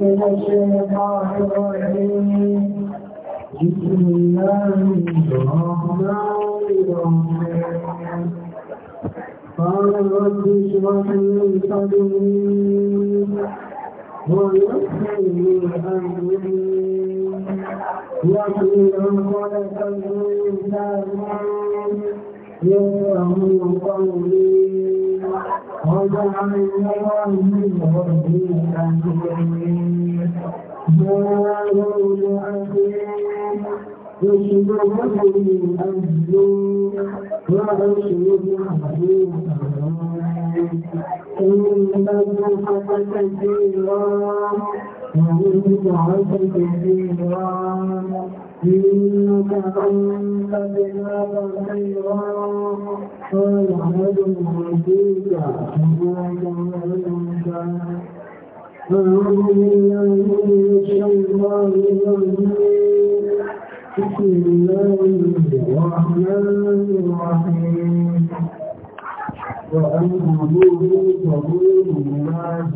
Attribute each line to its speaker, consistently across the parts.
Speaker 1: من الشيطان الرجيم بسم الله الرحمن الرحيم قال رب اشرح لي صدري ويسر لي امري واحلل عقدة من لساني يفهم قولي واجعلني من ربي حكيم يا رب العزيز يشبه لي أهلي وأشرب عليه إنه حق كثيرا وإن كثيرا إنك أنت بنا بصيرا فالعلم فيك كما تعلمك أعوذ بالله من الشيطان الرجيم بسم الله الرحمن الرحيم وأنهضوا سبيل الله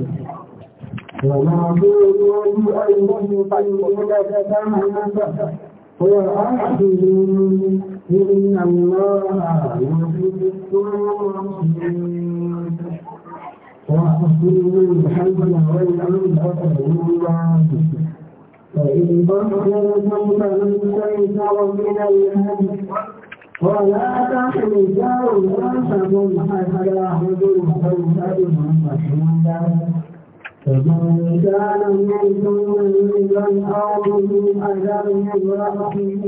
Speaker 1: وما بيضوا أيضا فإنك تتمنى وأحسنوا إن الله يحب المحسنين وأحسنوا الحج والعمرة لله فإن بخلتم فمن استيسر من الهدي ولا تحرجوا رأسكم حتى يحضر قوم أبي فمن كان منكم مريضا او به اذى من راسه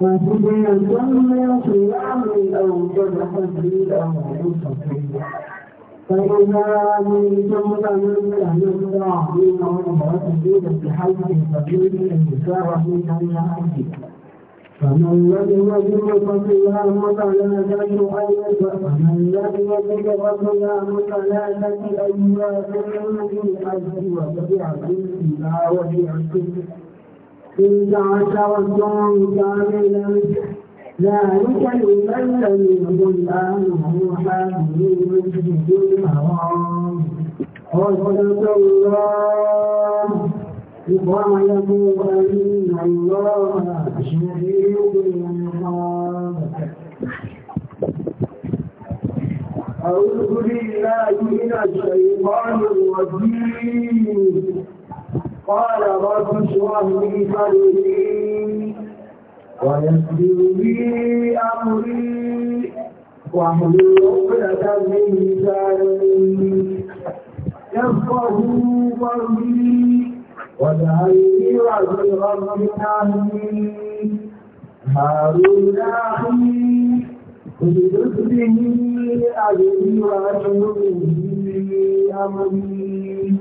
Speaker 1: ففدية من صيام او صدقة بأنفسكم فإذا أمنتم فمن كان يدعى من عمره فدية بحج فدية كفارة عن يعزكم فمن لم يجد فصيام ثلاثة أيام فمن لم يجد فصيام ثلاثة أيام في الحج وبدعة إلا وبدعة تلك عشرة كاملا ذلك لمن لم يكن أهله حامل المسجد الحرام وصدق الله واعلموا أن الله شديد العقاب أعوذ بالله من الشيطان الرجيم قال رب اشرح لي صدري ويسر لي أمري واحلل عقدة من لساني يفقهوا قولي واجعلني وزيرا من أهلي هارون أخي اجلس به أجري وأشغل به أمري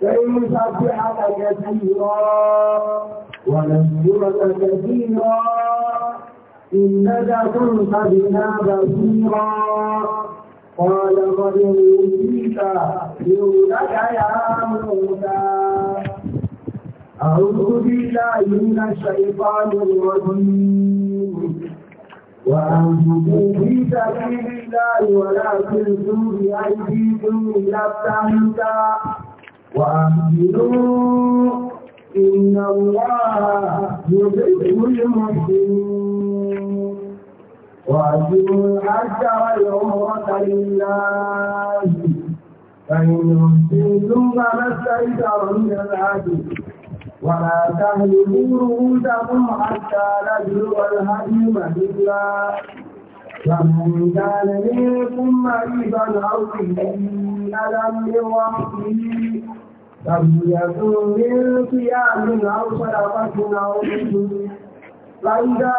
Speaker 1: كي نسبحك كثيرا ونذكرك كثيرا إنك كنت بنا بصيرا قال قد أوتيت سؤلك يا موسى أعوذ بالله من الشيطان الرجيم وأنفقوا في سبيل الله ولا تلقوا بأيديكم إلى التهلكة وأحسنوا إن الله يحب المحسنين وأتموا الحج والعمرة لله فإن أحسنتم فما استيسر من الهدي ولا تهلكوا رؤوسكم حتى نبلغ الهدي مهلا فمن كان منكم مريضا او به الم من ربه فليكن من صيام او صدقه او نسك فاذا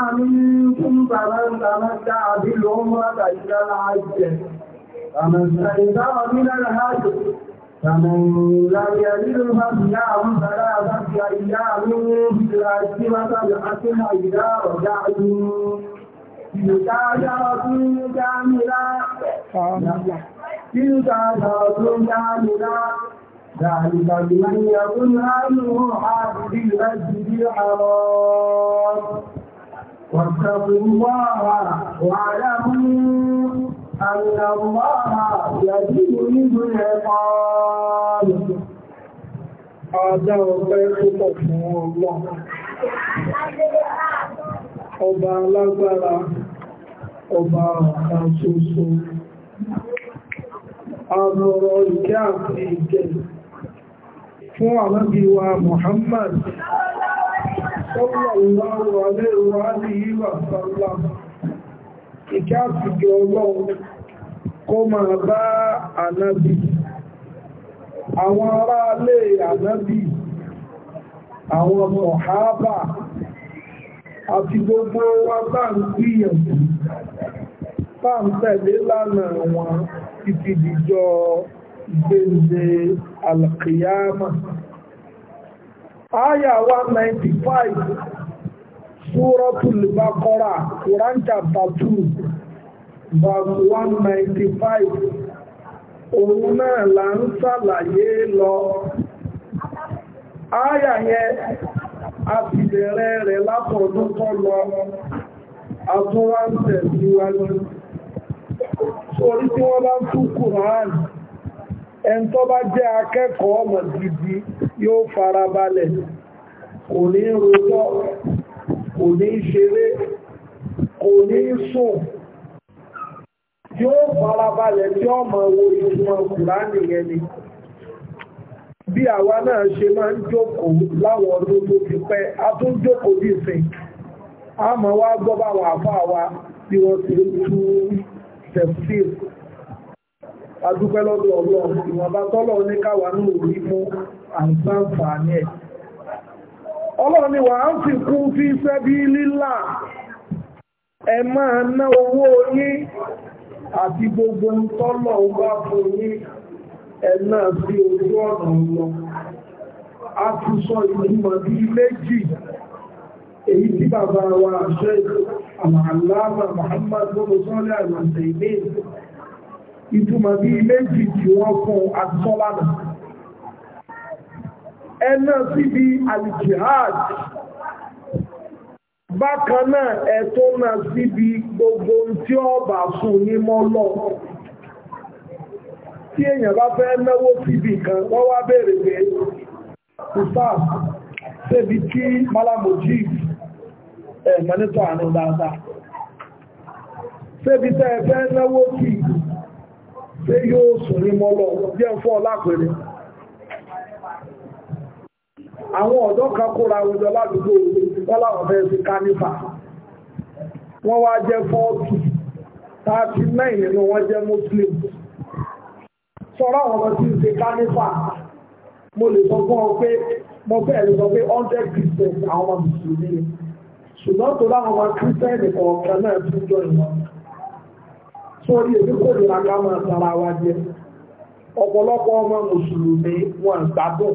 Speaker 1: امنتم فمن تمتع بالعمره الى العجل فمن استيسر من الهدي فمن لم يجد فصيام ثلاثة أيام في العشرة حتى إذا رجعتم تلك عشرة كاملة تلك عشرة كاملة ذلك لمن يكن أهله حافظ المسجد الحرام واتقوا الله واعلموا أن الله يجب منه العقاب
Speaker 2: هذا وبيت الله ọba alágbára ọba ọ̀kan ṣoṣo àrọ̀rọ̀ ìkẹ́ àti ìkẹ́ fún ànábì wa Muhammad
Speaker 1: sallallahu
Speaker 2: alaihi wa alihi ìkẹ́ àtìkẹ́ ọlọ́run kó máa bá ànábì àwọn ará alé ànábì àwọn sọ̀háábà àti gbogbo wa bá ń gbìyànjú bá ń tẹ̀lé lánàá wọn títí dìjọ gbèǹde alkiyama. Aya 195 Suratul Baqara, Quran chapter 2, verse 195 òun náà là ń sàlàyé lọ áyà yẹn a ti bẹ̀rẹ̀ rẹ̀ látọ̀dún kọ́ lọ àtúnwáńtẹ̀ síwájú sórí tí wọ́n bá ń tú kùrán ẹn tó gidi yóò farabalẹ̀ kò ní rojọ́ kò ní ṣeré kò ní sùn tí ó farabalẹ̀ tí ó mọ̀ wo ìtumọ̀ kùránì yẹn ni bí àwa náà ṣe máa ń jókòó láwọn ọdún tó ti pẹ́ a tún jókòó bí ìsìn a mọ̀ wá gbọ́ báwọn àfáà wa bí wọ́n ti tú tẹ̀síl adúpẹ́ lọ́dọ̀ ọlọ́run ìwọ̀nba tọ́lọ́ ní káwa náà rí mú àǹfààní ẹ̀ ọlọ́run ni wà á fi kún fi sẹ́bí lílà ẹ máa ná owó yín àti gbogbo tọ́lọ̀ wá fún yín ẹ náà sí ojú ọ̀nà lọ a ti sọ ìgbìmọ̀ bí méjì èyí tí bàbá wa ṣe àmàlámà Muhammad gbogbo sọ́lẹ̀ àgbàṣẹ́ ilé ìtumọ̀ bí méjì tí wọ́n fún àtọ́lánà ẹ̀nà síbi al bákan náà ẹ̀tọ́ náà síbi gbogbo tí ọba sùn ní mọ́lọ́ tí èèyàn bá fẹ́ náwó síbi kan wọ́n wá béèrè pé ustaz ṣebí tí malamoji ẹ̀mọ́ nítọ́ àánú dáadáa ṣebí tẹ́ ẹ fẹ́ náwó sí ṣé yóò sùn ní mọ́lọ́ àwọn ọ̀dọ́ kan kóra àwùjọ ládùúgbò wọ́n láwọn fẹ́ sí kánífà wọ́n wá jẹ́ 40 nínú wọ́n jẹ́ muslim sọ́rọ̀ àwọn ọmọ tí ń ṣe kánífà mo lè sọ fún ọ pé mo fẹ́ lè sọ pé 100 christian àwọn ọmọ mùsùlùmí ṣùgbọ́n tó láwọn ọmọ christian kọ̀ọ̀kan náà tún jọ ìwọ̀n sórí èmi kò lè rákà máa tara wa jẹ ọ̀pọ̀lọpọ̀ ọmọ mùsùlùmí wọn gbádùn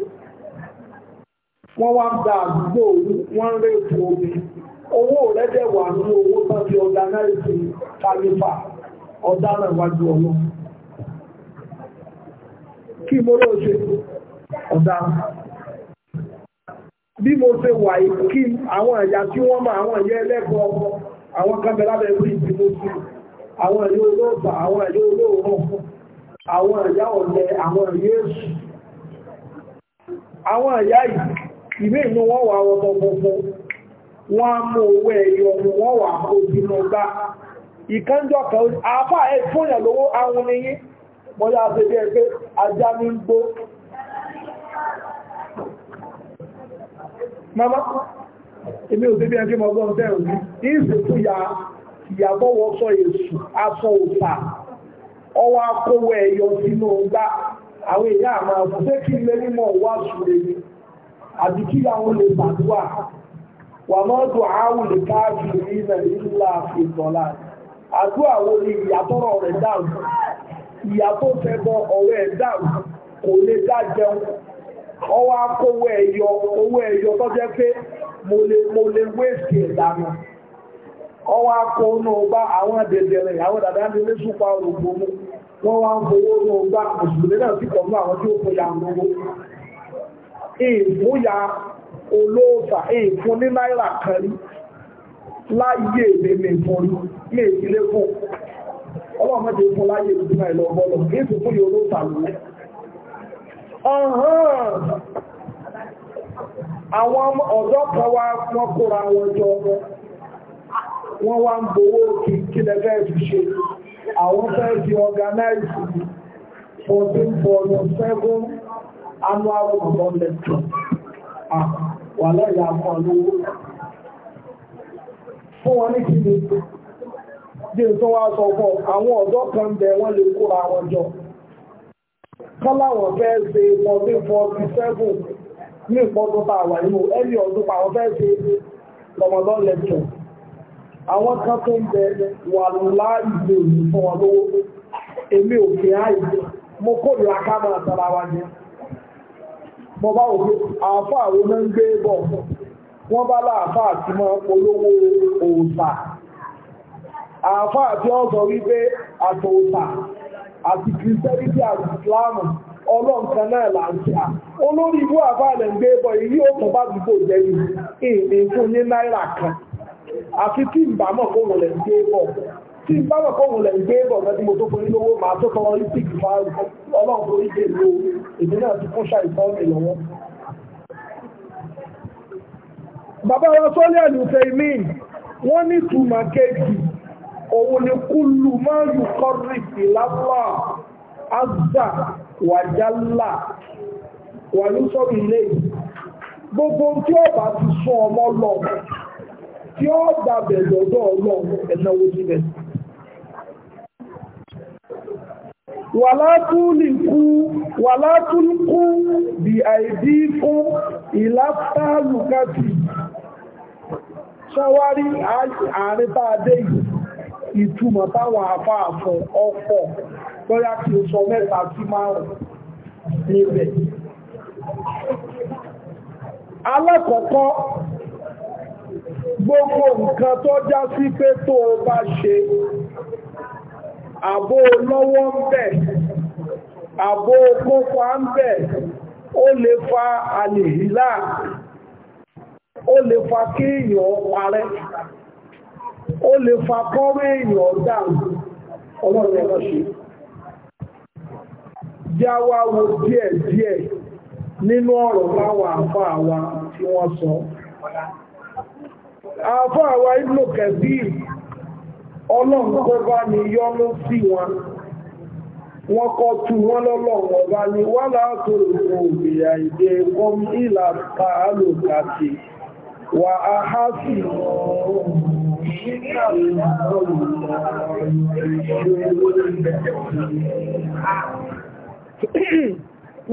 Speaker 2: wọ́n wá ń gba àdúgbò wọ́n ń rẹ̀ ètò omi owó rẹ̀ dẹ̀ wà ní owó tán ti ọ̀gánáìsì kálífà ọ̀dáná ìwájú ọlọ́ kí mo ló ṣe ọ̀dáná bí mo ṣe wà kí àwọn ẹ̀yà tí wọ́n mọ àwọn ẹ̀yà ẹlẹ́gbọ́ àwọn kámẹ́rà bẹ̀rù ìdí mo sí àwọn ẹ̀yà olóògbà àwọn ẹ̀yà olóòrùn àwọn ẹ̀yà ọ̀lẹ àwọn ẹ̀yà èṣù àwọn ẹ̀yà yìí ime inú wọ́n wà ọmọ gbogbo wọn á mú owó ẹyọ wọ́n wà òbínú gbá ìkánjọ́ kan afọ ẹ̀ lówó àwọn oníyí wọ́n yá ṣe bí ẹgbẹ́ ajá ní gbó mama eme ò sí bí ẹgbẹ́ ọgbọ́n bẹ́ẹ̀ òní ìsìn fún ya sọ àbí kí àwọn lè gbàdúrà wà máa dùn áwù lè káàkiri nílẹ̀ nílà ìtọ́lá àdúrà wo ni ìyàtọ̀rọ̀ rẹ̀ dáhùn ìyàtọ̀ fẹ́bọ ọ̀rọ̀ ẹ̀ dáhùn kò lè dá jẹun ọwọ́ akówó ẹ̀yọ owó ẹ̀yọ tó jẹ́ pé mo lè mo lè wéèsì ẹ̀dánù ọwọ́ akó inú ọgbà àwọn dẹ̀dẹ̀rẹ̀ àwọn dàdá ní ilé súpa òrògbòmù wọ́n wá ń fowó inú ọgbà òṣùlẹ̀ náà sì pọ̀ mọ́ àwọn tí ó fòyà ń gbogbo ìmúyà olóòfà èèfún ní náírà kan rí láyé èdè ní ìdílé fún ọlọ́mọdé fún láyé èdè náà ìlọ ọgbọ́lọ̀ èèfún fún yóò lóòfà lóòrẹ́ àwọn ọ̀dọ́ kan wá wọ́n kóra wọn jọ wọn wá ń gbowó kí kí anụ ahụ mama lecture a wà lẹ́yìn akọ lówó fún wọn ní kíni bí n sọ fọ àwọn ọ̀dọ́ kan wọn jọ ṣe fourteen forty seven ní ìpọ́dún àwà ẹni ọdún ṣe àwọn kan tó ń bẹ wà mo bá wò pé àáfà àwọn náà ń gbé bọ̀ wọ́n bá láàfà àti máa polówó òòṣà àáfà àti ọ̀sọ wípé àtòòṣà àti kìrìsẹ́rìtì àti ìsìláàmù ọlọ́nkan náà là ń ṣe à olórí ìlú àbálẹ̀ ń gbé bọ̀ èyí ò tún bá dùgbò jẹ́ ní ìní fún ní náírà kan àfi tí ìbámọ̀ kò wọlé ń gbé bọ̀ tí bá wà kó wùlẹ̀ gbé bọ̀ lẹ́bí mo tó forí lówó máa tó tọrọ olympic máa ọlọ́run tó ìgbè lo èdè náà ti fún ṣàìsàn mi lọ́wọ́. bàbá wa sọ́lé àlùfẹ́ mi wọ́n ní túmọ̀ kejì òun ni kúlù máa yù kọ́rì sí lápá azà wàjálà wàlúsọ ilé gbogbo tí ọba ti sún ọmọ lọ tí ọba bẹ̀rẹ̀ lọ́dọ̀ ọlọ́run ẹ̀náwó síbẹ̀ sí. wàlátúnkú bí àìdí fún ìlàtàlùkàtì ṣáwárí àárín tàádé ìtumọ̀ táwọn àfáà fún ọ̀pọ̀ lọ́yá kí o sọ mẹ́ta sí márùn-ún níbẹ̀ alákọ̀ọ́kọ́ gbogbo nǹkan tó já sí pé tó o bá ṣe àbó lọ́wọ́ ń bẹ̀ àbó kópa ń bẹ̀ ó lè fa àlèhìlá ó lè fa kí èèyàn parẹ́ ó lè fa kọ́rọ̀ èèyàn dáhùn ọlọ́run ẹ̀rọ ṣe jáwá wo díẹ̀ díẹ̀ nínú ọ̀rọ̀ láwọn àfáà wa tí wọ́n sọ àfáà wa ìlú kẹbíì ọlọ́run kó bá ní yọ́nú sí wọn wọ́n kọ́ tú wọ́n lọ́lọ́run ọba ní wà láàtò ìlú òbìyà ìdè kọ́m ìlà tààlò kàtì wà á há sí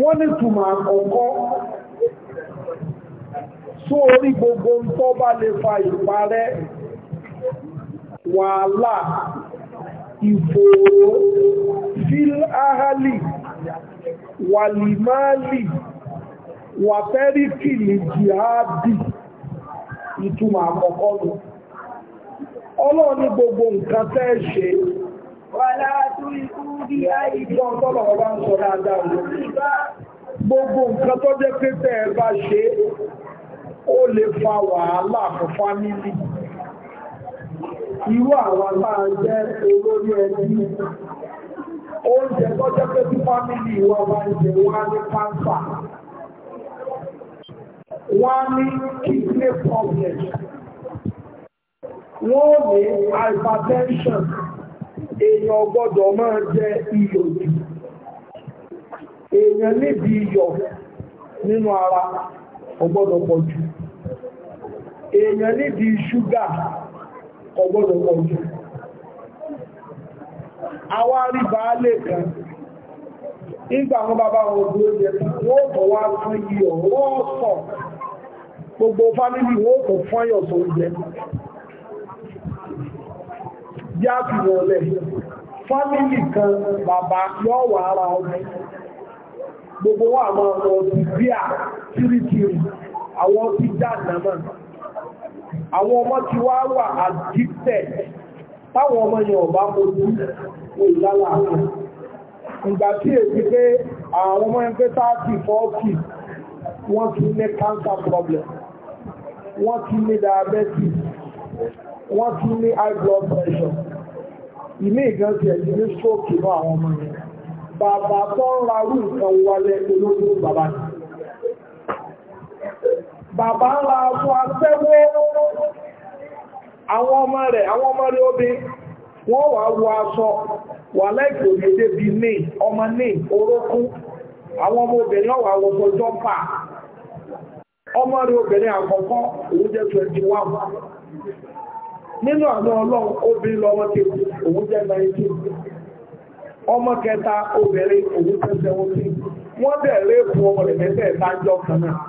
Speaker 2: wọ́n ní túmọ̀ àkọ́kọ́ sórí gbogbo ń tọ́ bá wàhálà ìfòòró fíláhálì wàlìmáàlì wàtẹ́ríkì lè jìháàdì ìtumọ̀ àkọ́kọ́ lọ ọlọ́run ní gbogbo nǹkan tẹ́ ṣe wàhálà tó ikú bí àìjọ tọ́lọ̀ ọba ń sọ dáadáa gbogbo nǹkan tó pé tẹ́ bá ṣe ó lè fa wàhálà fún fámílì irú àwọn máa jẹ́ olórí ẹbí oúnjẹ tó jẹ́ pé tí fámílì wọn bá ń wọ́n á ní wọ́n á ní wọ́n ní hypertension èèyàn gbọ́dọ̀ máa jẹ jù èèyàn níbi iyọ̀ nínú ara ọgbọ́dọ̀ pọ̀ jù èèyàn níbi ṣúgà ọgbọ́dọ̀ pọ̀ jù àwọn àríbà lè kan nígbà bàbá wọn ojú oúnjẹ wọ́n tọ̀ wá fún iyọ̀ wọ́n sọ gbogbo fánílì wọ́n tọ̀ fún iyọ̀ tó oúnjẹ yá kan bàbá yọ́ wà gbogbo wọn ọmọ ọdún àwọn àwọn ọmọ ti wá wà addicted táwọn ọmọ yẹn ọba mojú òlálà àti ìgbà tí èsì pé àwọn ọmọ yẹn pé 30 40 wọ́n ti ní cancer problem wọ́n ti ní diabetes wọ́n ti ní high blood pressure ìmí ìgbà tí ẹ̀sìn ní stroke náà àwọn ọmọ yẹn bàbá tó ń ra rú nǹkan wọlé olóògbé bàbá yìí bàbá ńlá fún aṣẹ́wó àwọn ọmọ rẹ̀ àwọn ọmọ rẹ̀ obi wọ́n wà wọ aṣọ wà lẹ́gbẹ̀ẹ́ òyìnbó bí ní ọmọ ní orókún àwọn ọmọ obìnrin ọ̀wà wọ́sọ jọ́pà ọmọ rẹ̀ obìnrin àkọ́kọ́ òun jẹ́ 21 nínú àná ọlọ́run òun jẹ́ 19 ọmọ kẹta obìnrin òun jẹ́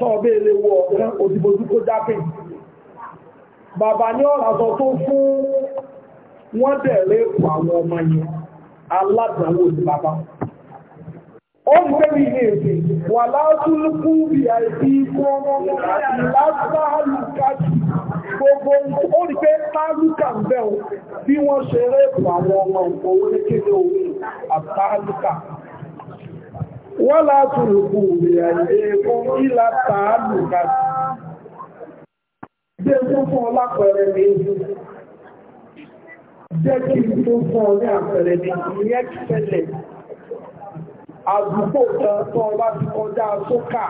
Speaker 2: tọ́ọ̀bẹ́ ilé wọ ọ̀kan òdìbòjú tó dápìn bàbá ní ọ̀rọ̀ àtọ́ tó fún wọ́n bẹ̀rẹ̀ ẹ̀kọ́ àwọn ọmọ yẹn aládàáwò ní bàbá ó ń gbé ní èdè wà látúlùkú bí àìsí ikú ọmọ látàlùkàjì gbogbo wọ́n látùrù kù ìrìnàjò ìlà tààlù
Speaker 1: kàtì jẹ́ tó fún ọ lápẹẹrẹ ní jẹ́ kí tó fún ọ ní àpẹẹrẹ ní ìyẹn kẹlẹ̀
Speaker 2: àdúgbò kan tó ọba ti kọjá sókà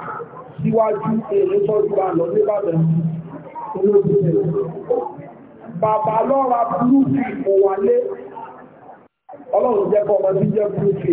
Speaker 2: síwájú èrè tọ́jú bá lọ níbàdàn olóògbé bàbá lọ́ra búrúkì mọ̀wálé ọlọ́run jẹ́ kọ́ ọmọ tí jẹ́ búrúkì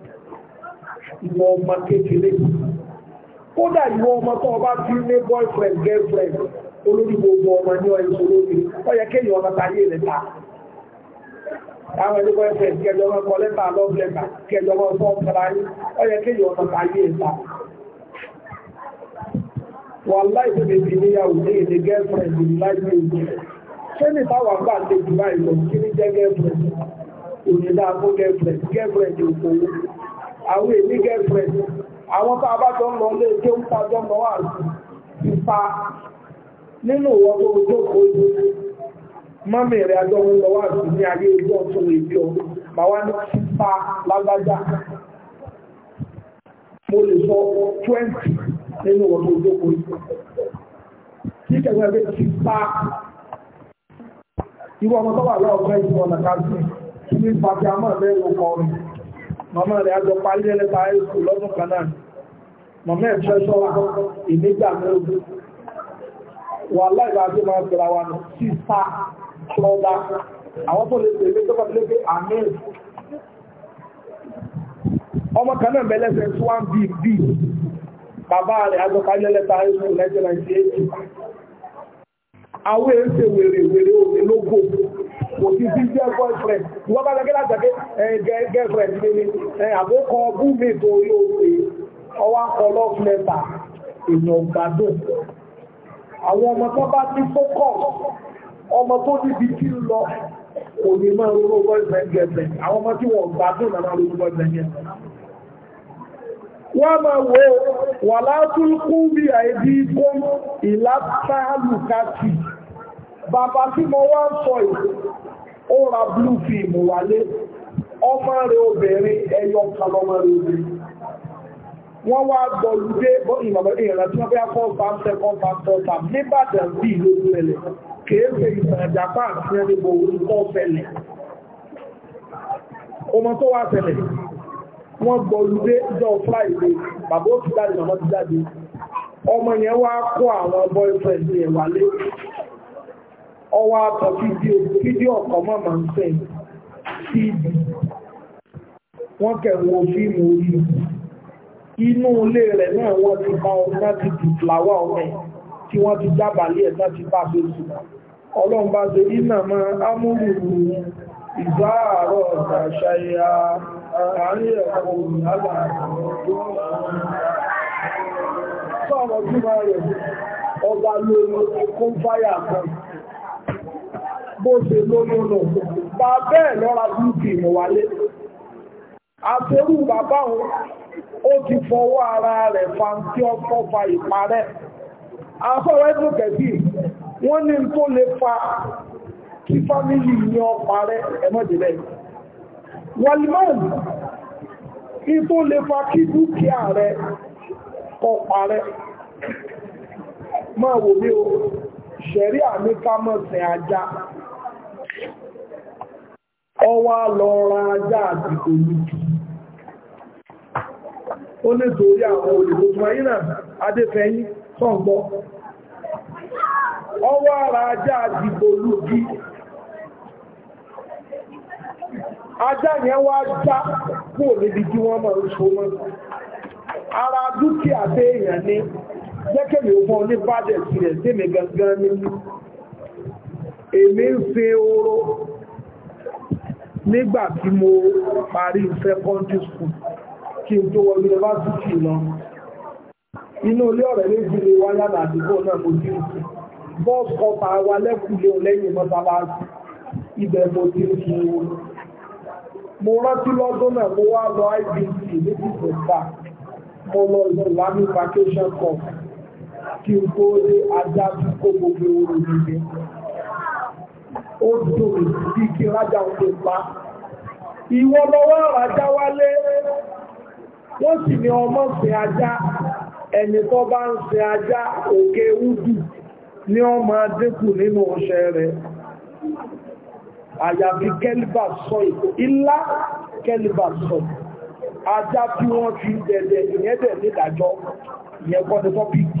Speaker 2: ìwọ ọmọ kékeré kódà ìwọ ọmọ tó ọba fi ní boyfriend girlfriend olórí gbogbo ọmọ ní ọyọ olórí ọyẹ kéèyàn ọmọ táyé rẹ ta àwọn ẹni boyfriend kẹjọ ọmọ kọ lẹ́tà love letter kẹjọ ọmọ fọ ọmọlá yín ọyẹ kéèyàn ọmọ táyé rẹ ta wàhálà ìfẹ́ mi níyàwó ní èdè girlfriend ní láìpẹ́ òjò ṣé ní táwọn àgbà ń tẹ̀jú báyìí lọ kí ní jẹ́ girlfriend òní dáa fún girlfriend girlfriend òkòwò àwọn èmi girlfriend àwọn tó abájọ ń lọ ilé tí ó ń tajọ́ mọ́ wà ti pa nínú ìwọ́n tó jókòó yìí mọ́mí rẹ̀ ajọ́ ń lọ wà sí ní ayé ìjọ tó èdè ọ mà wá ní pa lágbájá mo lè sọ twenty nínú ìwọ́n tó jókòó yìí kí kẹ̀kẹ́ bí ti pa irú ọmọ tó wà lọ́ọ̀kọ́ ìfọ̀nà kájú kí ní pàtí àmọ́ ẹ̀mẹ́rin ọkọ̀ rẹ̀ màmá rẹ̀ àjọ parí ẹlẹ́ta high school lọ́dún kan náà màmá ẹ̀ treasure wa ìnígbà mẹ́rin wà láìpẹ́ àti máa bẹ̀rẹ̀ wa nù sísá ṣọ́dá àwọn tó lè tẹ̀lé tó kọ́ pé àmín ọmọ kan náà bẹ̀lẹ́sẹ̀ 1bb bàbá rẹ̀ agbọ́kájẹ́ lẹ́ta ẹ̀sùn 1998 àwọn èsè wèrè wèrè òmìnlógó kò sí sí jẹ́ boyfriend wọ́n bá lọ́gẹ́ látàgé girlfriend mi ni àbókọ bú mi torí òfè ọwá kọ love letter èèyàn gbádùn àwọn ọmọ tó bá ti fókọ̀ ọmọ tó níbi tí ń lọ kò ní máa ronú boyfriend girlfriend àwọn ọmọ tí wọ́n gbádùn náà máa ronú boyfriend girlfriend wọ́n máa wo wà látúnkú bí àìdí kó ìlàtàlùkàtì bàbá tí mo wá ń sọ yìí ó ra blue film wálé ọmọ rẹ̀ obìnrin ẹyọ kan lọ́mọ rẹ̀ obìnrin wọ́n wá gbọ́lú dé ìrọ̀lẹ́ ìrìnà tí wọ́n bí akọ́ bá ń tẹ́kọ́ bá ń tọ́ta nígbàdàn bí ìlú ìrẹ̀lẹ̀ kéèké ìsàn jàpá àti ẹnìbò orúkọ fẹ́lẹ̀ ọmọ tó wá fẹ́lẹ̀ wọ́n gbọ́lú dé jọ friday bàbá ó ti jáde ọmọ ti jáde ọmọ yẹn wá kó àwọn boyfriend yẹn wálé ọwọ́ àtọ̀ fídíò fídíò ọ̀kan mọ́ máa ń sẹ́ síbi wọ́n kẹ̀wọ́ fíìmù orí inú ilé rẹ̀ náà wọ́n ti bá ọmọ ti di fìlàwà ọmọ ẹ̀ tí wọ́n ti dábàlẹ̀ ẹ̀ náà ti bá bẹ́sù ọlọ́run bá ṣe iná máa amúrùrù ìgbà àárọ̀ àṣàyà àárín ẹ̀kọ́ ìyálà sọ̀rọ̀ tí wọ́n rẹ̀ ọba lórí kó fáyà kan bó ṣe lóyún nù bá bẹ́ẹ̀ lọ́ra bíútì ìmọ̀wálé àtẹrù bàbá òun ó ti fọwọ́ ara rẹ̀ fa tí ó kọ́ fa ìparẹ́ afọ́wọ́ ẹ̀dùn kẹ̀bí wọ́n ní tó lè fa kí fámílì ní ọpa rẹ̀ ẹmọ́dìlẹ̀ wọlìmọ́ọ̀lù kí tó lè fa kí dúkìá rẹ̀ ọpa rẹ̀ máa wò ní o ṣẹ̀rí àmì kámọ̀sìn ajá ọwá lọ ra ajá àti olùkì ó nítorí àwọn olùkòtò ayé náà adéfẹ́yìn sọ́ǹgbọ́ ọwá ra ajá àti olùkì ajá yẹn wá já kú níbi tí wọ́n máa ń so mọ́ ara dúkìá tẹ́ èèyàn ní jẹ́kẹ̀lẹ̀ òfin ní bàdẹ̀ sílẹ̀ sí mi gangan ní èmi ń fi oró nígbà tí mo parí secondary school kí n tó wọ yunifásitì lọ inú ilé ọ̀rẹ́ méjì ni wá yàrá àdúgbò náà mo ti ń sùn bọ́ọ̀sì kọta wa lẹ́kùnlé lẹ́yìn mọ́sálásí ibẹ̀ mo ti ń sùn wọn mo rántí lọ́dún náà mo wá lọ IBC méjì pẹ̀lú mo lọ Islamic vacation course kí n tó dé ajá tó kó gbogbo orin mi ó dùn bí kí rájà ń lè pa ìwọ lọ́wọ́ rájà wálé wọ́n sì ní ọmọ sin ajá ẹni tó bá ń sin ajá òkè údù ní ọmọ adékù nínú ọ̀ṣẹ́ rẹ̀ àyàfi kẹlìbà sọ ìkó ilá kẹlìbà sọ ajá tí wọ́n fi dẹ̀dẹ̀ ìyẹ́dẹ̀ nídàjọ́ ìyẹ́kọ́ ni tọ́pìkì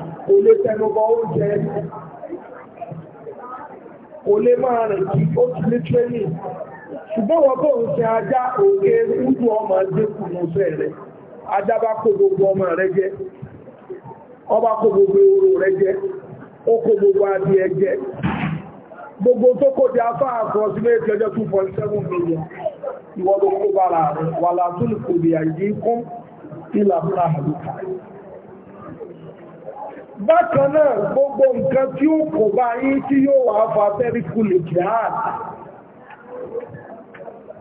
Speaker 2: kò lè tẹnubọ oúnjẹ kò lè máa rìn kí ó ti ní training ṣùgbọ́n wọ́n bó ń sin ajá òkè kúrú ọmọ adékù lọ́sẹ̀ rẹ̀ ajá bá kó gbogbo ọmọ rẹ̀ jẹ ọba kó gbogbo ehoro rẹ̀ jẹ ó kó gbogbo adìẹ jẹ gbogbo tó kó di afá àkọsílẹ̀ ìjọjọ́ 2.7 million ìwọ́n ló kó bára rẹ̀ wà látún kò di àìdí ìlàbúrà àlùkà bákan náà gbogbo nǹkan tí ó kò bá yín tí yóò wà fà tẹ́ríkù lè jihad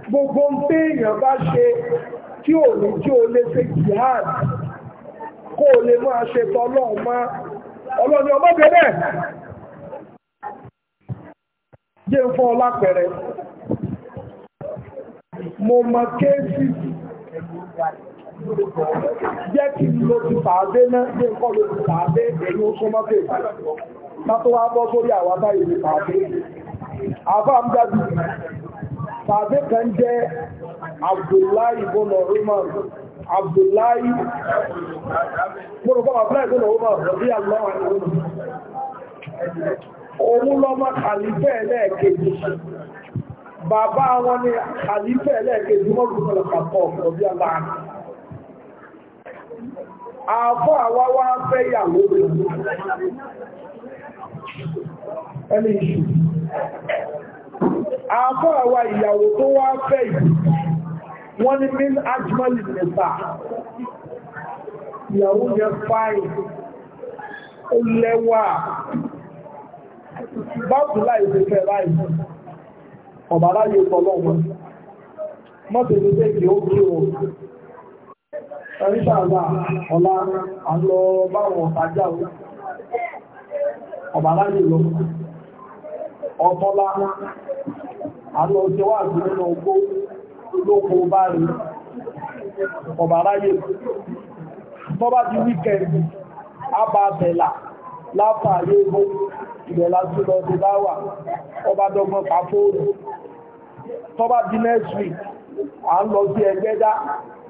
Speaker 2: gbogbo ń pé èèyàn bá ṣe tí ò ní tí ó lè ṣe jihad kó o lè máa ṣe tọ́lọ́ọ̀ máa ọlọ́ni ọmọ jẹ́ fún ọlá mo mọ kéèsì jẹ́ kí ló ti pàdé náà jẹ́ nǹkan ló ti pàdé ẹ̀yìn oṣù mọ́fẹ́ látó wá bọ́ sórí àwátá ìlú pàdé àbá ń dájú pàdé kan jẹ́ Abdullahi bọ́nà Roman Abdullahi mọ́rùkọ́ Abdullahi bọ́nà Roman rọ̀bí àlọ́wà ní òun lọ́mọ kàlífẹ́ ẹlẹ́ẹ̀kejì bàbá wọn ni kàlífẹ́ ẹlẹ́ẹ̀kejì mọ́rùkọ́ lọ́kàkọ́ rọ̀bí àlọ́wà
Speaker 3: àfọ́ àwa wá fẹ́ ìyàwó
Speaker 2: rẹ̀ ẹni ìṣù àfọ́ àwa ìyàwó tó wá fẹ́ ìyàwó wọ́n ní min ajmali nìta ìyàwó yẹ fáì ó lẹ́wà báàbù láì ṣe fẹ́ láì ọ̀bà láyé ọ̀pọ̀lọ́wọ́ mọ́tò ìdíjẹ́ kí ó ẹ̀ríṣàlá ọ̀la àlọ báwọn ọ̀tajà ọba láyé lọ ọ̀tọ́lá àlọ ìṣẹ́wà àgbẹ̀rẹ̀ ọgbó lóko bá rí ọba láyé tọ́bá ti wíkẹ̀ẹ́dì abàbẹ̀là láfààyè ìbò ìbẹ̀lá tí lọ ti bá wà ọba dọ́gbọ́n pàfóòrò tọ́bá di next week à ń lọ sí ẹgbẹ́dá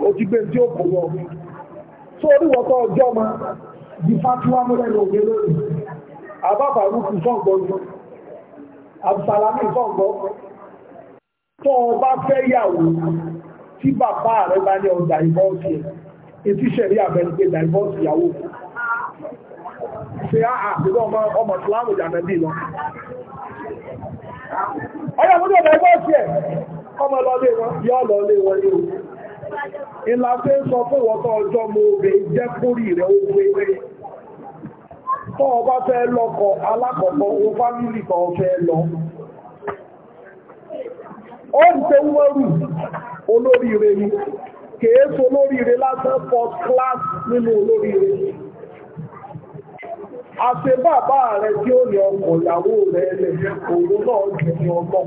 Speaker 2: òjígbé tí ó kò wọ́n tó oríwọ̀tọ́ ọjọ́ ma di fatiwa mọ́lẹ̀ lóògbé lónìí àbábà rúkú fọ́ǹgbọ́ jù àbùsàlámì fọ́ǹgbọ́ tó o bá fẹ́ yàwó tí bàbá rẹ̀ bá ní ọjà ìbọ́ọ̀sì etí sẹ̀rí àbẹ̀lùgbé dàìbọ́ọ̀sì ìyàwó ṣe àbúrò ọmọ ìsìláàmù jàmẹ́bí lọ ọyọ́ mú ní ọ̀dà ìbọ́ọ̀sì ẹ̀ ọmọ lọ́lé wọn yọ́ lọ́lé wọn yóò ìlà fẹ́ sọ fún wọ́tọ́ ọjọ́ mo rè jẹ́ kórì rẹ̀ ó pé tọ́ ọba fẹ́ lọ́kọ alákọ̀ọ́kọ́ owó fámílì kan fẹ́ lọ ó ń tẹ wọ́rù olóríire ni kèéso olóríire lásán first class nínú olóríire àṣẹ bàbá rẹ̀ tí ó ní ọkọ̀ ìyàwó rẹ̀ lẹ̀ òun náà jù ọgbọ́n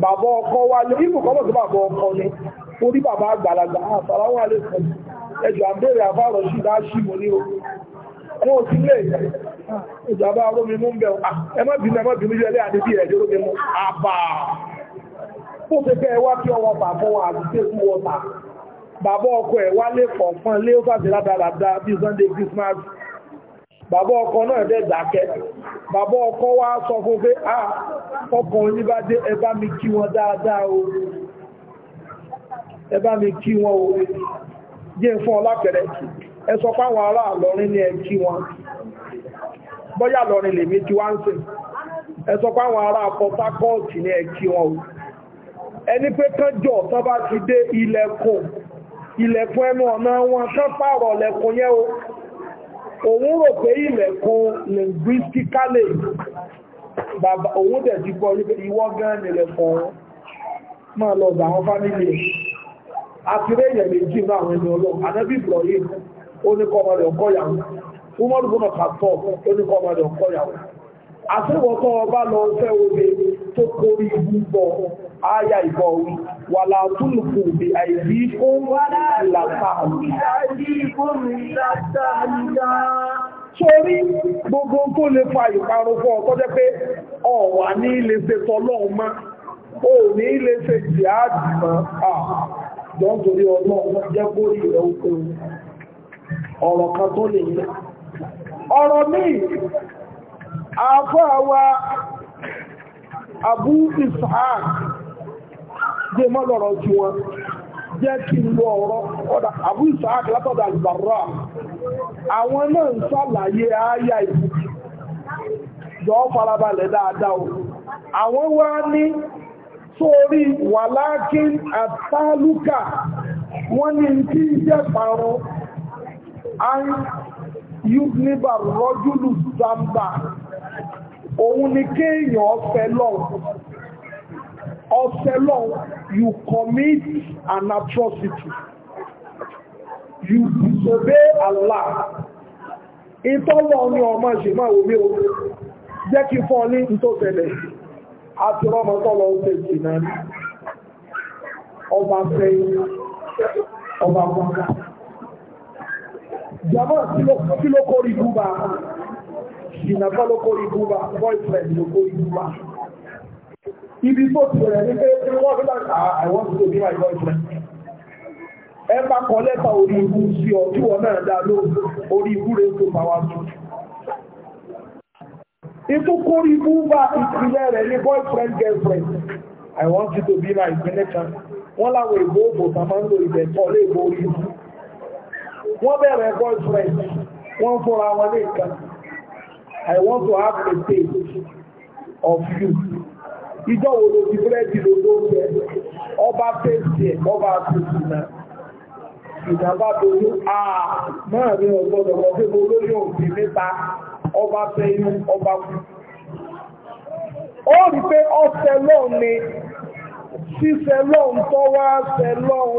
Speaker 2: bàbá ọkọ wa lè ibù kọ́mọ̀ tó bàbá ọkọ ni orí bàbá àgbàlagbà àfàláwọ̀ ah, alẹ́kọ̀ọ́ ẹjọ́ àbẹ̀rẹ̀ àfàrọ̀ sí dáṣì mọ́ ní o wọ́n ti lè ah, ìjàmbá rómi mú bẹ̀ ah, ẹmọ́ bínú ẹmọ́ bínú yẹlé àdébí ẹ̀jẹ̀ rómi mú àbà ó ti kẹ́ ẹwà tí ọwọ́ bàbá wọn àti tẹ́kù wọ́ta bàbá ọkọ ẹ̀ wálé kọ̀ọ̀kan lé ó fàṣẹ ládàradà bí Sunday Christmas bàbá ọkọ náà dẹ̀ dákẹ́ bàbá ọkọ wá sọ fún pé à ọkọ yín bá dé ẹ bá mi kí wọn dáadáa o ẹ bá mi kí wọn o jẹ́ fún ọlápẹ̀rẹ̀ kì ẹ sọ fáwọn ará àlọ́rin ní ẹ kí wọn
Speaker 3: bọ́yà lọ́rin lèmi kí wá ń sìn
Speaker 2: ẹ sọ fáwọn ará Port Harcourt ní ẹ kí wọn o ẹni pé kánjọ tó bá ti dé ilẹ̀kùn ilẹ̀kùn ẹnu ọ̀nà wọn kán pààrọ̀ lẹ̀kùn yẹn o òun rò pé ilẹ̀kùn linguistically bàbá òun dẹ̀ ti kọ́ wípé ìwọ gan nílẹ̀kùn òun máa lọ bà àwọn fámílì ẹ̀ àti rẹ̀yẹ̀ méjì náà àwọn ẹni ọlọ́run anábì Ibrahim ó ní ọkọ kàtọ́ àṣíwọ̀tọ́ ọba lọ fẹ́ obe tó kórí gbúgbọ́ ayà ìbọ̀ orí wà látúlùkù bí àìsí fún
Speaker 1: látàlì
Speaker 2: sórí gbogbo tó lè fa ìparun fún ọkọ́ jẹ́ pé ọ̀wà ní ilé ṣe tọ́lọ́un mọ́ ò ní ilé ṣe jìáàdì mọ́ àjọ́ torí ọlọ́run jẹ́ kórí rẹ̀ oko ọ̀rọ̀ kan tó lè yẹ ọ̀rọ̀ míì àfáàwà Abu Ishaq jẹ́ mọlọrọ tí wọn jẹ́ kí n lọ ọ̀rọ̀ ọ̀dà Abu Ishaq látọ̀dà Al-Barra àwọn náà ń sàlàyé ayá ìbùkì jọ farabalẹ̀ dáadáa o àwọn wá ní sórí wàlákín àtàlùkà wọ́n ni tí ń jẹ́ parun an yúgbìnbà rọ́júlù sàmbà òun ni kéèyàn ọ̀fẹ́ lọ́wọ́ ọ̀fẹ́ lọ́wọ́ you commit an atrocity you disobey Allah ìtọ́lọ̀ ní ọmọ ìṣèmọ̀ òwe o jẹ́ kí fún ọ ní ìtòsẹ̀lẹ̀ àti ọmọ tọ́lọ̀ ó ṣe jìnà ní ọba fẹ́ ọba mọ́ká jàmọ́ kí ló ìdìnà kọ́ ló kórí ibú boyfriend ló kórí ibú wa ibi tó ti rẹ̀ ní pé wọ́n fi láti ah, I want to be my boyfriend ẹ bá kọ lẹ́tà orí ibú sí ọ tí wọ́n náà dá ló orí ibú rẹ̀ tó bá wa tù Ikú kórí ibú wa ìpínlẹ̀ rẹ̀ ní boyfriend girlfriend I want you to be my connection. kan wọ́n láwọn ìbò òbò tàbí ń lo ìbẹ̀tọ̀ lé ìbò orí wọ́n bẹ̀rẹ̀ boyfriend wọ́n fúnra wọn ní ìkànnì I want to have a taste of you. Ìjọ́ wo ló ti búrẹ́dì ló ló ń jẹ? Ọba tèsì ẹ̀, ọba tèsì náà. Ìjàmbá dojú, àà máa ní ọgbọ́dọ̀ wọ́n tí mo lóyún òbí níta, ọba tẹ́yún, ọba kú. Ó rí pé ọ̀sẹ̀ lọ́ọ̀ ni, ṣíṣẹ́ lọ́ọ̀ ń tọ́wọ́ ṣẹ lọ́ọ̀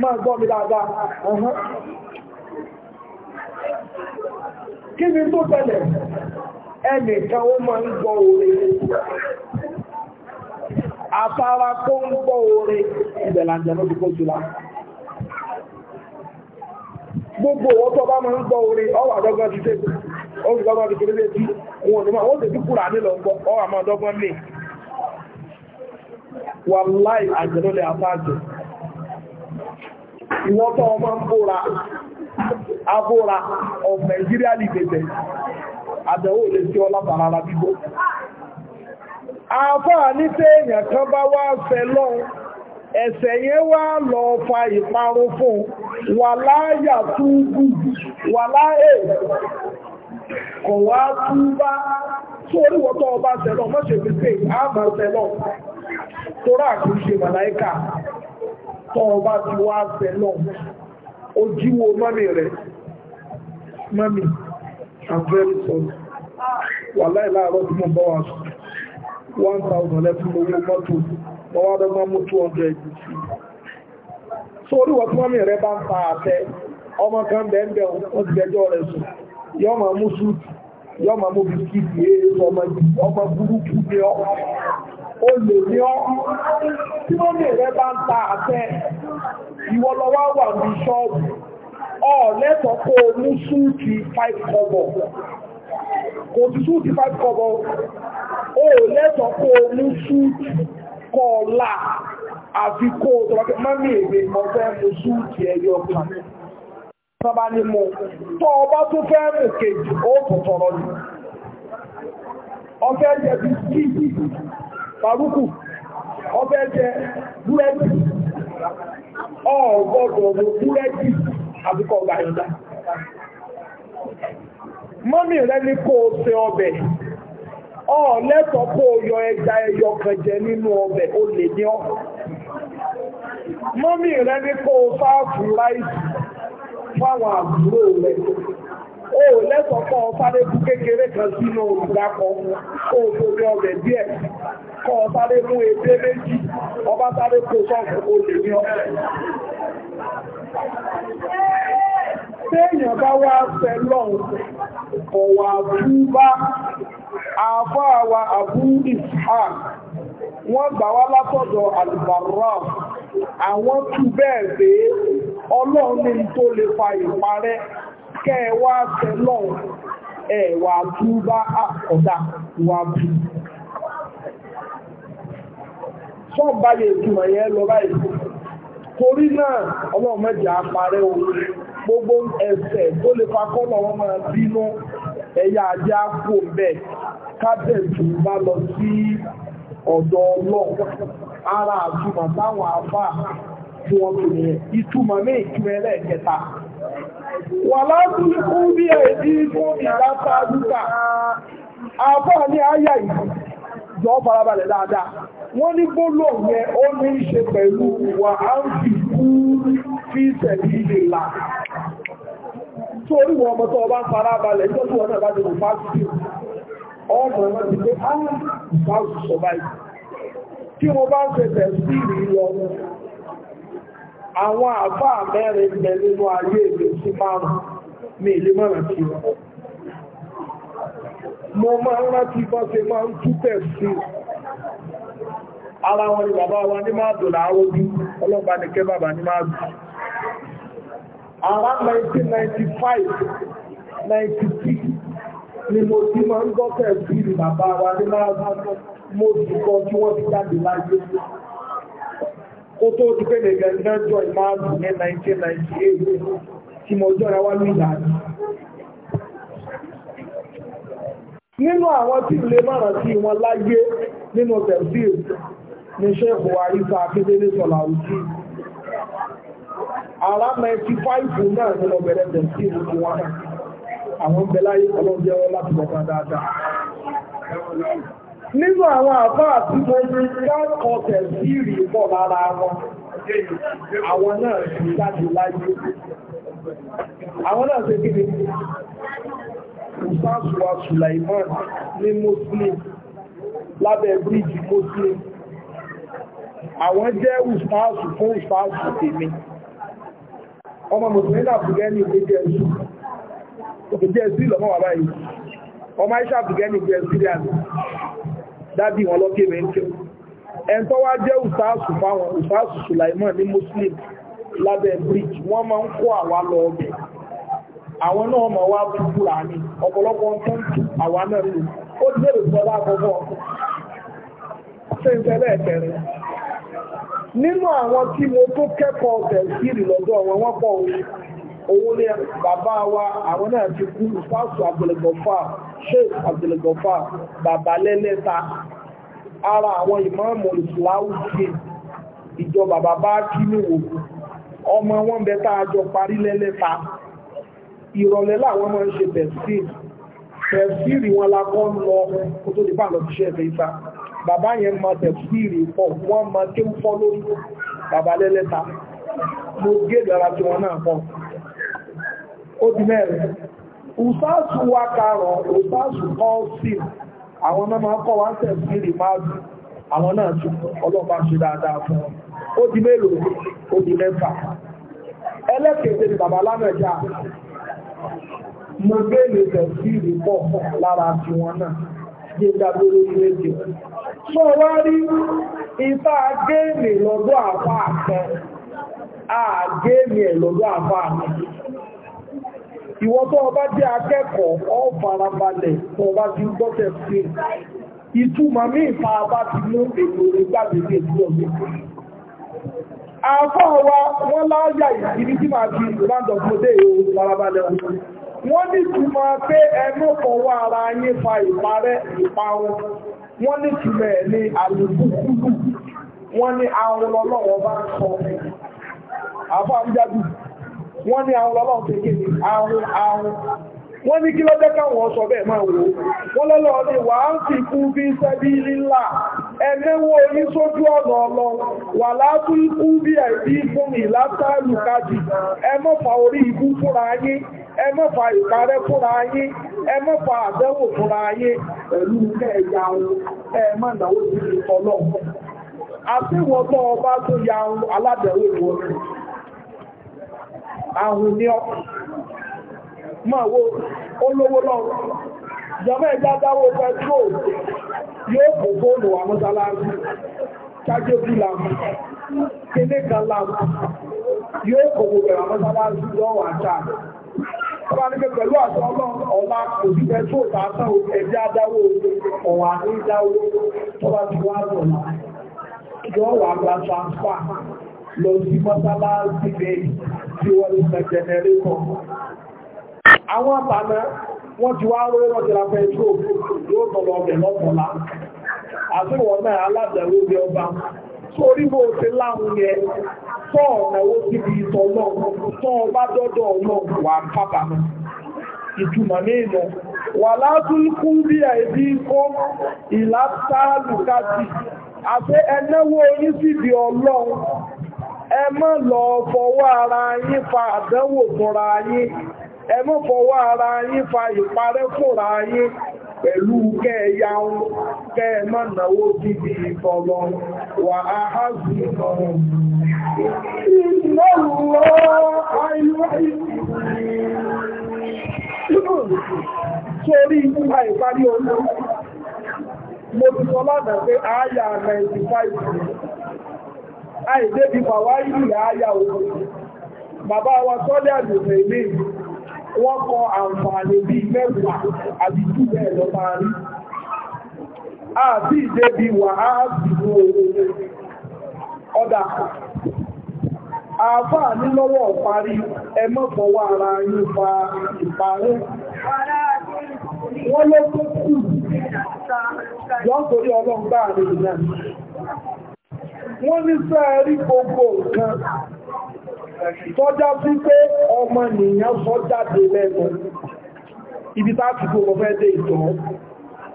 Speaker 2: máa gbọ́ mi dáadáa kí ni tó tẹ́lẹ̀ ẹnìkan ó máa ń gbọ́ orin àtàrà kó ń gbọ́ ìbẹ̀lànjẹ̀ ló jùlá gbogbo owó bá máa ń gbọ́ orin dọ́gbọ́n ti tẹ́ olùgbọ́gbọ́n ti kéré létí wọn ni máa ó tẹ́jú kúrò nílọ gbọ́ lè wà láì àjẹ́lólẹ̀ ìwọ́tọ̀ ọmọ ń bóra abóra of Nigeria libẹ̀bẹ̀ àdẹ̀wò lè tí ọlábàrá ara bíbó àfáà ní tẹ́ èèyàn kan bá wá fẹ́ lọ́n ẹ̀ṣẹ̀ yẹn wá lọ fa ìparun fún wà láyà túbù wà láyè kò wá túbá tó oríwọ́tọ́ ọba sẹ́lọ̀ mọ́ṣẹ̀fẹ́ pé àmà sẹ́lọ̀ tó rà kìí ṣe màláíkà tọ́ ọba ti wá nọ lọ ojúwo mami rẹ̀ mami very sorry wà láìláàárọ̀ tí mo bọ́ wà one thousand owó mọ́tò wá dọ́gbọ́n mú two hundred so oríwọ̀ tí mọ́mí rẹ̀ bá ń pa ọmọ kan bẹ̀ẹ̀bẹ̀ wọ́n yọ́ mú yọ́ mú olè ní ọ́ tí wọ́n lè rẹ bá ń ta àtẹ ìwọ lọ wá wà ní ṣọ́ọ̀bù ọ lẹ́tọ̀ọ́ kó o mú súùtì five kọ́bọ̀ kò sí súùtì five kọ́bọ̀ ó lẹ́tọ̀ọ́ kó o mú súùtì kọ́ọ̀lá àfi kó o tọ́lọ́kẹ́ mọ́mí èdè mọ́ fẹ́ mú súùtì ẹyọ kan sábà ní mú tọ́ ọba tó fẹ́ mú kejì ó tọ̀tọ̀rọ̀ ni ọfẹ́ jẹ bí kàrúkù ọbẹ̀ jẹ búrẹ́dì ọ̀gọ́dọ̀ búrẹ́dì àbúkọ̀ gbàyọ̀dá mọ́mí rẹ ní kó o ṣe ọbẹ̀ ọ kó yọ ẹja ẹyọ kan jẹ nínú ọbẹ̀ ó lè ní rẹ ní kó o fáwọn àbúrò ọ kékeré kan sínú olùdákọ̀ tó ọbẹ̀ díẹ̀ kọ́ ọ̀sáré mú èdè méjì ọba sáré kò sọ́ọ̀kù olè ní ọ Téèyàn bá wá fẹ́ lọ́run, ọ̀wà àbúbá, àfá àwà àbú ìfà, wọ́n gbà wá látọ̀dọ̀ àlùbàrá. Àwọn tú bẹ́ẹ̀ pé ọlọ́run ní tó lè fa ìparẹ́ kẹ́ wá fẹ́ lọ́run, ẹ̀wà àbúbá àkọ̀dá wà bú. tó bá lè túnmọ̀ yẹn lọ báyìí torí náà ọlọ́mọdé àparẹ́ o gbogbo ẹsẹ̀ tó lè fa kọ́lọ̀ wọn máa bínú ẹ̀yà ajá kò bẹ̀ kábẹ̀tù lọ sí ọ̀dọ̀ ara táwọn afá tí wọ́n ìtumọ̀ ní ìtumọ̀ ẹlẹ́ẹ̀kẹta
Speaker 3: wà fún bí ẹ̀dí fún ní
Speaker 2: wọ́n ní gbólò yẹn ó ní ṣe pẹ̀lú wà á ń fi kú fi tẹ̀lé ìlà tí orí wọn ọmọ tó ọba ń fara balẹ̀ tó tí wọn náà bá ti mú fásitì ọmọ wọn ti pé á ìfásù survive tí mo bá ń fẹsẹ̀ sí ìlú lọ àwọn àfá mẹ́rin bẹ nínú ayé èdè sí márùn-ún ní ilé mọ́ràn tí wọn mo máa ń rántí bọ́ ṣe máa ń túbẹ̀ sí i ara wọn ni bàbá wọn ní máa dòlà àwójú ọlọ́pàá ní kẹ́ bàbá 1995 96 ni mo ti máa ń gọ́fẹ̀ bí i bàbá wa ní máa dùn mo dùkọ tí wọ́n ti jáde láyé ní 1998 tí mo jọra wá ní ìlànà nínú àwọn tí ilé márùn-ún ní ṣẹ́ẹ̀kù àríṣà akédélé sọ̀là òjì ara 95 náà nínú ọ̀bẹ̀rẹ̀ tẹ̀sí ìlú wọn náà àwọn bẹ̀láyé ọlọ́jẹ́ wọn láti bọ̀ta dáadáa nínú àwọn àbá àti gbogbo dákọ̀ tẹ̀sí ìrì pọ̀ lára wọn àwọn náà ti jáde láyé àwọn náà ṣe kéde ìsáàsùwà Sulaiman ní Muslim lábẹ́ bíríjì Muslim àwọn jẹ́ ìfàásù fún ìfàásù tèmi ọmọ mùsùlùmí náà bùgẹ́ ní ilé jẹ́ ẹ̀sù òkè jẹ́ ẹ̀sù ìlọ́mọ́ wà báyìí ọmọ iṣẹ́ bùgẹ́ ní jẹ́ ẹ̀sù ìrìn àná dábì wọn lọ́kẹ́ mi ń tẹ́ ẹn tó wá jẹ́ ìfàásù fáwọn ìfàásù Sulaiman ní muslim lábẹ́ bridge wọ́n máa ń kó àwa lọ ọbẹ̀ àwọn náà mọ̀ wá búburú àní ọ̀pọ̀lọpọ̀ nǹkan àwa náà lò ó ti lè lò sọ́dá àkọ́kọ́ ṣé ń tẹ́lẹ̀ ẹ̀kẹrin nínú àwọn tí mo tó kẹ́kọ̀ọ́ tẹ̀síìrì lọ́dọ̀ wọn wọ́n pọ̀ òun ni bàbá wa àwọn náà ti kú fásitì abdulgọfà sheikh abdulgọfà bàbá lẹ́lẹ́ta ara àwọn ìmáàmù ìsìláwùsì ìjọba bàbá kínúwò ọmọ wọn bẹ tá a jọ parí lẹ́lẹ́ta ìrọ̀lẹ́ làwọn máa ń ṣe tẹ̀síìrì tẹ̀síìrì wọn la kọ́ bàbá yẹn mọ tẹ̀síìrì pọ̀ wọ́n mọ tí ń fọ́ lórí bàbá lẹ́lẹ́ta mo gé ìdára tí wọ́n náà pọ̀ ó di mẹ́rin ùsáàsù wa karùn-ún ùsáàsù kọ́ sí àwọn náà máa kọ́ wá tẹ̀síìrì máa dùn àwọn náà tún ọlọ́pàá ṣe dáadáa fún wọn ó di mélòó ó di mẹ́fà ẹlẹ́kẹ̀ẹ́sẹ̀ ni bàbá lámẹ̀já mo gbé ìlú tẹ̀síìrì pọ̀ lára tiwọn náà gbẹ̀gbẹ̀ lórí rédíò sọ wá rí ifá géèmì lọ́dọ̀ àfá àkẹ́ àgéèmì ẹ̀ lọ́dọ̀ àfá àkẹ́ ìwọ tó ọba jẹ́ akẹ́kọ̀ọ́ ọ farabalẹ̀ tó ọba ti ń gbọ́tẹ̀ sí ìtumọ̀ ní ìfà bá ti mú èlò rẹ̀ gbàgbé Àwọn ọwọ́ wọn láyà wọ́n ní túmọ̀ pé ẹnu kọ̀wọ́ ara yín fa ìparẹ́ ìparun wọ́n ní túmọ̀ ẹ̀ ní àlùkùkùlù wọ́n ní àwọn ọlọ́wọ́ bá ń sọ àbọ̀ àmújáde wọ́n ní àwọn ọlọ́wọ́ kéèké ní àwọn àwọn wọ́n ní kí lọ́jọ́ káwọn ọ̀sọ̀ bẹ́ẹ̀ máa wò wọ́n lọ́lọ́ ní wà á ń fi kú bí sẹ́bí lílà ẹ̀mẹ́wọ́ orí sójú ọ̀nà ọlọ wà látú ikú bí ẹ̀bí fún ìlátàlùkájì ẹmọ́fà orí ikú fúnra yín ẹ mọ́fà ìparẹ́ fúnra yín ẹ mọ́fà àbẹ́wò fúnra yín pẹ̀lú ẹ̀yà ọba tó ya aládẹ̀wò wọn àrùn ní ọ olówó lọ́rọ̀ ìjọba ẹ̀já dáwó pẹ̀tró yóò kò fóònù àmọ́sáláàrí ṣájé bí láàmù kan yóò kò gbogbo lọ́wọ́ Ọba ní pé pẹ̀lú àṣọ ọlọ́run ọ̀la kò sí fẹ́ tó ta tán ẹ̀bí adáwó ọ̀wà ní ìdáwó tọ́ba ti wá bọ̀ náà. Ìjọ wà gba transfer lọ sí mọ́sálásí bẹ́ẹ̀ tí wọ́n lè fẹ́ jẹnẹrétọ̀.
Speaker 1: Àwọn àbànà
Speaker 2: wọ́n ti wá rọ́ wọ́n ti ra fẹ́ tó yóò tọ̀lọ̀ ọ̀bẹ̀ lọ́tọ̀lá. Àti wọn náà aládàáwó bí ọba tó orí wo ti láhùn yẹn tọ́ ọ̀nàwó ti bí ìtọ̀ náà tọ́ ọba dọ́dọ̀ náà wà kábàámọ̀ ìtumọ̀ ní ìlọ wà látúnkún bí àìdí kọ́ ìlàtàlùkàtì àti ẹnẹ́wó lọ fọwọ́ ara fa ara fa ìparẹ́ pẹ̀lú kẹ́ẹ̀yàun kẹ́ẹ̀mọ́ náwó gidi ìfọ̀lọ́ wà áhàzù ọ̀rọ̀. Ìlọ́lọ́ ayọ́ Sórí ìgbà ìparí olú, mo ti sọ lánàá pé àáyà 95, àìdébí bàwá ìlú àáyà olú. Bàbá wa sọ́lẹ̀ àjòfẹ́ ilé ìlú. wọ́n kọ àǹfààní bí mẹ́wàá àti jù bẹ́ẹ̀ lọ a rí. Àti ìdébi wà á dìbò ọ̀dà. ní lọ́wọ́ parí ẹmọ́ ara yín fa ìparí. Wọ́n ló tó kù wọ́n torí ọlọ́gbà Wọ́n ní sẹ́ẹ̀rí tọ́já pé ọmọ nìyàn sọ jáde lẹ́nu ibi tá ti gbogbo fẹ́ dé ìtọ́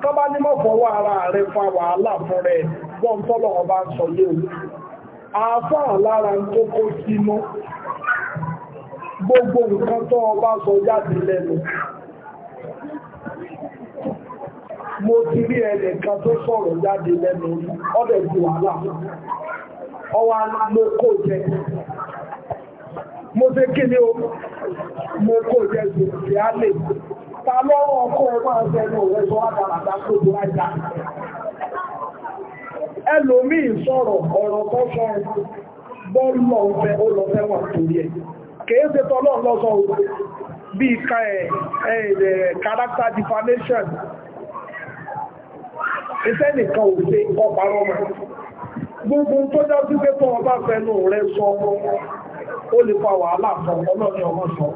Speaker 2: tó bá ní ara rẹ̀ wàhálà fún rẹ̀ gbọ́n tọ́lọ̀ ọba ń sọ o àáfà lára tó kó sínú gbogbo nǹkan ọba sọ jáde lẹ́nu mo ti rí tó sọ̀rọ̀ jáde lẹ́nu ọdẹ̀ ọwọ́ ló mo ṣe kí ni o mo kò jẹ gbèsè á lè ta lọ́wọ́ ọkọ̀ ẹ̀kọ́ àti ẹni òwe sọ àdàràdà tó tó àjà ẹlòmíì sọ̀rọ̀ ọ̀rọ̀ tó sọ bọ́ọ̀lọ̀ ọ̀fẹ́ ó lọ fẹ́wọ̀n torí ẹ̀ kìí ṣe tọ́lọ́ lọ́sọ bí ká ẹ̀ character defamation iṣẹ́ nìkan ò ṣe ọparọ́mọ gbogbo tó jọ sí pé tọ́ ọba fẹ́nu rẹ sọ ó lè fa wàhálà fún ọlọ́ni ọmọ sọ.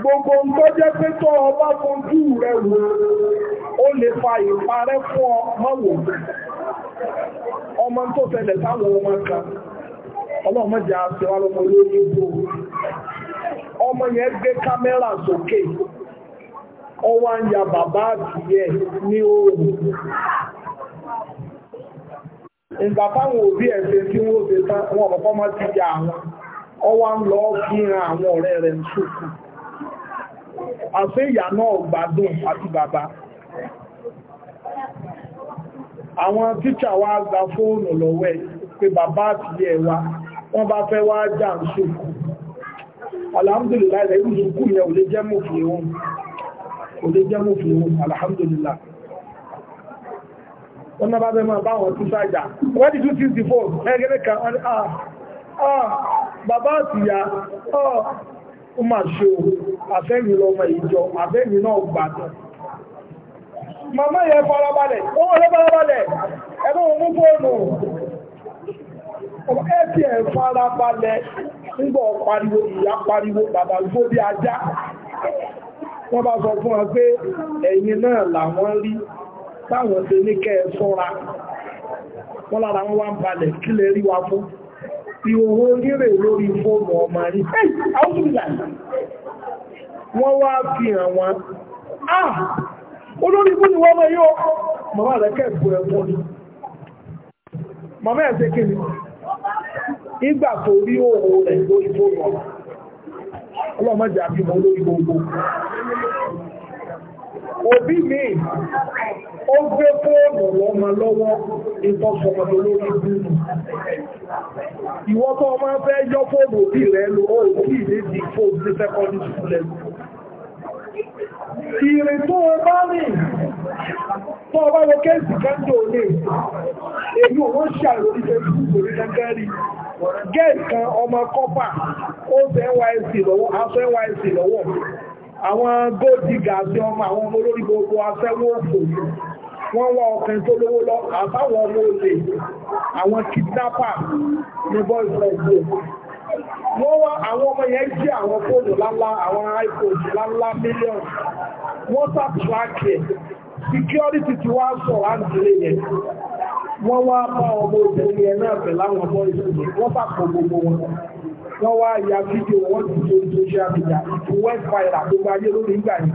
Speaker 2: Gbogbo ń jẹ́ pé ọba fojú rẹ̀ wò ó lè fa ìparẹ́ fún ọmọ wò. Ọmọ tó ṣẹlẹ̀ sáwọn ọmọ kan, ọlọ́mọ jẹ́ Ọmọ yẹn gbé kámẹ́rà sókè, ó ń ya bàbá ìgbà táwọn òbí ẹ̀sẹ̀ tí wọ́n ṣe tán wọn ọ̀pọ̀ máa ti jà àwọn ọwá ń lọ fíran àwọn ọ̀rẹ́ rẹ̀ ń ṣòkú àṣẹ ìyá náà gbádùn àti bàbá àwọn tíṣà wa gba fóònù lọ́wọ́ ẹ̀ pé bàbá àti ẹ̀ wa wọ́n bá fẹ́ wá jà ń ṣòkú alhamdulillah ilẹ̀ ìlú ṣòkú yẹn ò lè jẹ́ mọ́fì òun alhamdulillah wọ́n náà bá bẹ́ máa bá wọn tún sájà wọ́n ti tún ti ti fóòlù ẹgbẹ́ kan wọ́n ni àà ah, ah, bàbá àtìyà ọ́ ah, ó máa ṣe o àfẹ́mi lọ́mọ ìjọ àfẹ́mi náà gbàdọ̀ màmá yẹn farabalẹ̀ ó wọlé farabalẹ̀ ẹ̀bọ́n mú fóònù ẹ̀tì ẹ̀ farabalẹ̀ nígbà pariwo ìyá pariwo wọ́n bá sọ fún wa pé ẹ̀yin náà làwọn rí táwọn ṣe ní kẹ́ sọ́ra wọ́n lára wọ́n wá ń balẹ̀ kí lè rí wa fún ọmọ rí wọ́n wá fi hàn ah olórí fún ni wọ́n mọ̀ yóò rẹ̀ ẹ̀kọ́ ni Ma ẹ̀ kí ni ìgbà tó rí òhò rẹ̀ lórí fóònù gbogbo òbí ó gbé fóònù lọ́mọ lọ́wọ́ ìtọ́sọmọ lórí ìbínú ìwọ́n tó máa fẹ́ yọ fóònù òbí rẹ̀ lò ó kí ìdí fóònù ní sẹ́kọ́ndì sùkúlẹ̀ ìrìn tó o bá rìn tó o bá lọ kéèsì káńdò ní èyí òun ṣàrò ìfẹ́sùkò ní lẹ́gẹ́rì gẹ́ẹ̀sì kan ọmọ kọ́pà ó fẹ́ nysc lọ́wọ́ aṣọ nysc lọ́wọ́ àwọn góòdì gàásí ọmọ àwọn olórí gbogbo aṣẹ́wó òfò wọ́n wá ọkùnrin tó lówó lọ àbáwọ̀ ọmọ olè àwọn kidnapper ní boyfriend rẹ̀ wọ́n wá àwọn ọmọ yẹn jí àwọn fóònù lálá àwọn iphone lálá mílíọ̀nù wọ́n sàtúrákì security ti wá sọ àǹtílé yẹn wọ́n wá bá ọmọ obìnrin yẹn náà pẹ̀lú àwọn boyfriend rẹ̀ wọ́n sàpọ̀ gbogbo wọn wọ́n wá ya fídíò wọ́n ti ṣe social media ìtúwẹ́ fàìlà gbogbo ayé lórí ìgbà yìí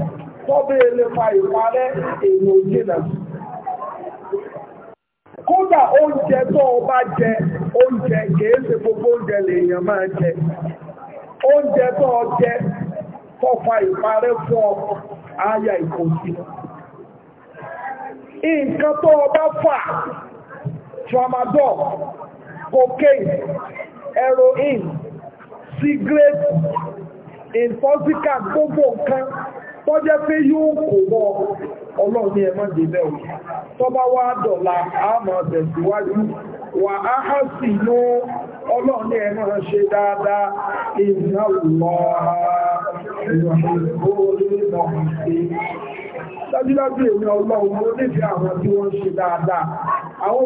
Speaker 2: tọ́bẹ̀ lè fa ìparẹ́ èèyàn jìnà. Kódà oúnjẹ tó o bá jẹ, oúnjẹ kìí ṣe gbogbo oúnjẹ lèèyàn máa jẹ. Oúnjẹ tó o jẹ tó fa ìparẹ́ fún ọ, àyà ìkòsí. Nǹkan tó o fà, tramadol, cocaine, heroin, cigarette, intoxicant, gbogbo nǹkan tó jẹ́ pé yóò kò mọ́ ọlọ́ọ̀nì ní ẹmọ́ débẹ̀ tó bá wá dọ̀la àmọ́ tẹ̀síwájú wà á há sí inú ọlọ́run ṣe dáadáa ìrìnà dájúdájú wọ́n ṣe dáadáa àwọn